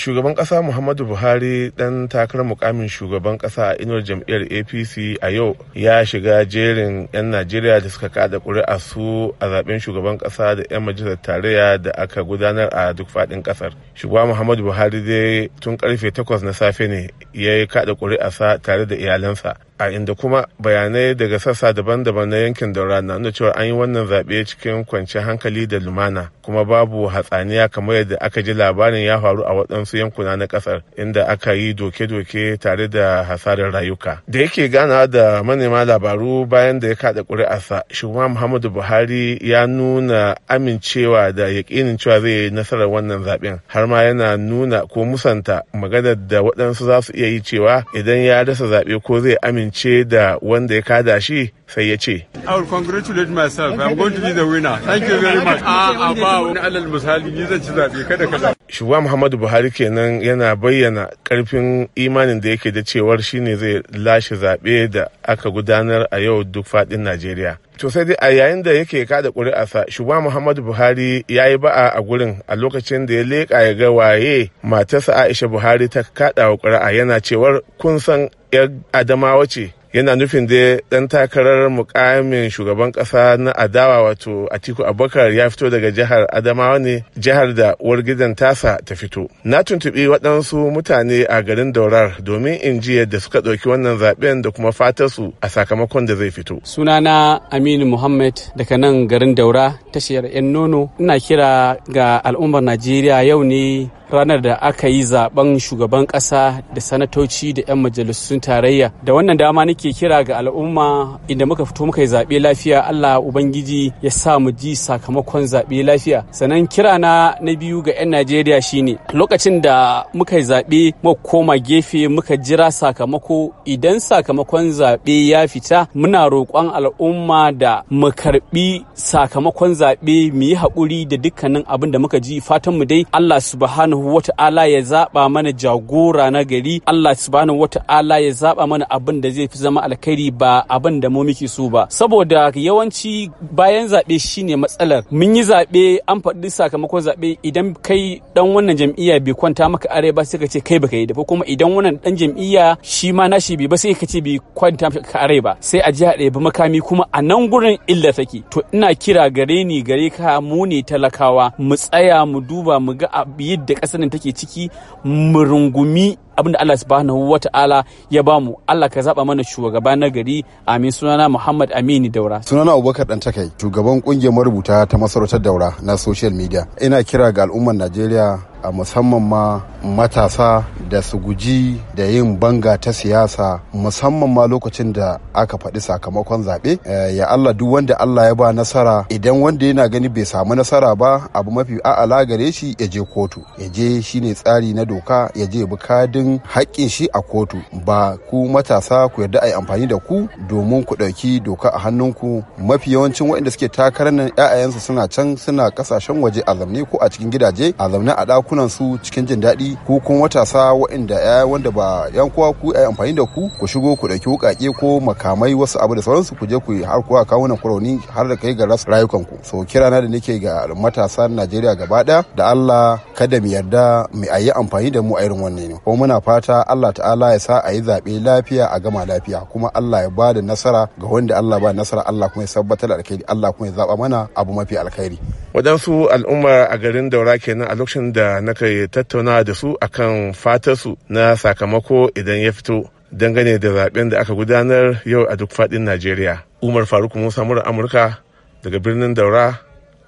shugaban kasa muhammadu buhari dan takarar mukamin shugaban kasa a inuwar jam'iyyar apc a yau ya shiga jerin 'yan najeriya da suka kada kuri'a su a zaben shugaban kasa da 'yan majalisar tarayya da aka gudanar a duk fadin kasar shugaba muhammadu buhari dai tun karfe 8 na safe ne ya yi kada sa tare da iyalansa a inda kuma bayanai daga sassa daban-daban na yankin daura na nuna cewa an yi wannan zaɓe cikin kwanciyar hankali da lumana kuma babu hatsaniya kamar yadda aka ji labarin ya faru a waɗansu yankuna na ƙasar inda aka yi doke-doke tare da hasarar rayuka da yake gana da manema labaru bayan da ya kaɗa ƙuri'arsa shugaban muhammadu buhari ya nuna amincewa da yaƙinin cewa zai yi nasarar wannan zaɓen har ma yana nuna ko musanta maganar da waɗansu za su iya yi cewa idan ya rasa zaɓe ko zai amince amince da wanda ya kada shi sai ya ce. I will congratulate myself. I'm going to be the winner. Thank you very much. A ba wani alal misali ni zan ci zaɓe kada kada. Shugaba Muhammadu Buhari kenan yana bayyana karfin imanin da yake da cewar shine zai lashe zaɓe da aka gudanar a yau duk faɗin Najeriya. to sai dai a yayin da yake kada ƙuri'arsa shugaba muhammadu buhari ya yi ba'a a gurin a lokacin da ya leƙa ya ga waye matarsa aisha buhari ta kaɗawa ƙuri'a yana cewar kun san 'yar adamawa ce yana nufin dai ɗan takarar mukamin shugaban ƙasa na adawa wato atiku abubakar ya fito daga jihar adamawa ne jihar da uwar gidan tasa ta fito na tuntuɓi waɗansu mutane a garin daurar domin in ji yadda suka ɗauki wannan zaɓen da kuma su a sakamakon da zai fito sunana aminu muhammad daga nan garin daura tashiyar yan nono ina kira ga al'ummar najeriya yau ne ranar da aka yi zaben shugaban ƙasa da sanatoci da 'yan majalisun tarayya da wannan dama ke. muke kira ga al'umma inda muka fito muka yi zaɓe lafiya Allah Ubangiji ya sa mu ji sakamakon zaɓe lafiya. Sannan kira na na biyu ga 'yan Najeriya shine lokacin da muka yi zaɓe muka koma gefe muka jira sakamako idan sakamakon zaɓe ya fita muna roƙon al'umma da mu karɓi sakamakon zaɓe mu yi haƙuri da dukkanin abin da muka ji fatan mu dai Allah subhanahu wata'ala ya zaɓa mana jagora na gari Allah subhanahu wata'ala ya zaɓa mana abin da zai fi zama zama alkhairi ba abin da mu muke so ba saboda yawanci bayan zaɓe shine matsalar mun yi zaɓe an faɗi sakamakon zaɓe idan kai dan wannan jam'iyya bai kwanta maka are ba sai ka ce kai baka yi da kuma idan wannan dan jam'iyya shi ma nashi bai ba sai ka ce bai kwanta maka are ba sai a ji haɗe ba makami kuma a nan gurin illa take to ina kira gare ni gare ka mu ne talakawa mu tsaya mu duba mu ga yadda ƙasar take ciki mu rungumi abinda Allah subhanahu wata'ala ya bamu Allah ka zaba mana shugaba na gari amin sunana Muhammad Amini Daura sunana Abubakar dan takai shugaban kungiyar marubuta ta masarautar Daura na social media ina kira ga al'ummar Najeriya a musamman ma matasa da su guji da yin banga ta siyasa musamman ma lokacin da aka faɗi sakamakon zaɓe eh, ya Allah duk wanda Allah ya ba nasara idan wanda yana gani bai samu nasara ba abu mafi a'ala gare shi ya je kotu ya je shi ne tsari na doka ya je bi kadin haƙƙin shi a kotu ba ku matasa ku yarda a yi amfani da ku domin ku ɗauki doka a hannunku mafi yawancin waɗanda suke takarar nan 'ya'yansu suna can suna ƙasashen waje a zamne ko a cikin gidaje a zaune a ɗaku yankunan su cikin jin daɗi ko kuma matasa waɗanda ya wanda ba yan kuwa ku ai amfani da ku ku shigo ku ɗauki wukake ko makamai wasu abu da sauransu ku je ku yi har kuwa kawunan kurauni har da kai ga rasa rayukanku so kirana da nake ga matasan Najeriya gaba ɗaya da Allah kada mu yarda mu ayi amfani da mu a irin wannan ne kuma muna fata Allah ta'ala ya sa ayi yi zaɓe lafiya a gama lafiya kuma Allah ya ba da nasara ga wanda Allah ba nasara Allah kuma ya sabbatar da alkhairi Allah kuma ya zaɓa mana abu mafi alkhairi wadansu al'umma a garin daura kenan a lokacin da na kai tattauna da su akan fatarsu na sakamako idan ya fito dangane da zaben da aka gudanar yau a duk faɗin Najeriya. Umar Faruk Musa Mura Amurka daga birnin Daura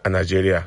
a Najeriya.